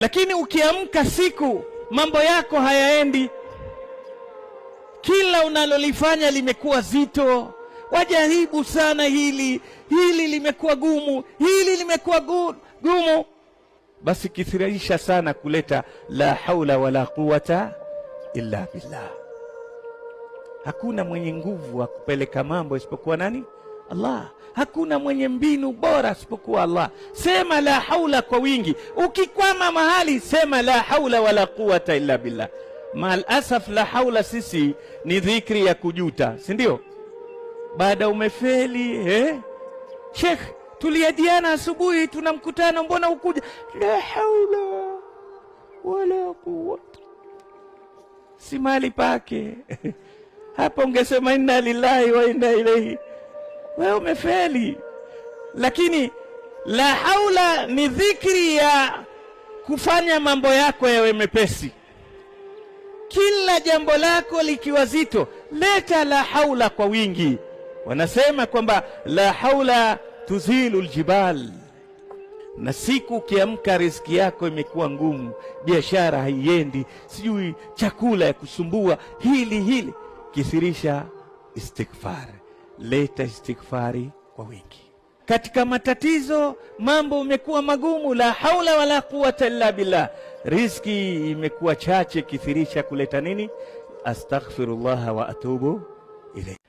Lakini ukiamka siku mambo yako hayaendi, kila unalolifanya limekuwa zito. Wajaribu sana hili, hili limekuwa gumu, hili limekuwa gumu. Basi kithirisha sana kuleta la haula wala quwata illa billah. Hakuna mwenye nguvu wa kupeleka mambo isipokuwa nani? Allah. Hakuna mwenye mbinu bora asipokuwa Allah. Sema la haula kwa wingi. Ukikwama mahali, sema la haula wala quwata illa billah. Mal asaf, la haula sisi ni dhikri ya kujuta, si ndio? Baada umefeli eh? Sheikh, tuliadiana asubuhi, tuna mkutano, mbona ukuja? La haula wala quwata, si mali pake hapa ungesema inna lillahi wa inna ilaihi wewe umefeli. Lakini la haula ni dhikri ya kufanya mambo yako yawe mepesi, kila jambo lako likiwa zito, leta la haula kwa wingi. Wanasema kwamba la haula tuzilu ljibal. Na siku ukiamka, riziki yako imekuwa ngumu, biashara haiendi, sijui chakula ya kusumbua, hili hili, kithirisha istighfar leta istighfari kwa wingi. Katika matatizo, mambo umekuwa magumu, la haula wala quwata illa billah, riziki imekuwa chache, kithirisha kuleta nini? Astaghfirullah wa atubu ilayhi.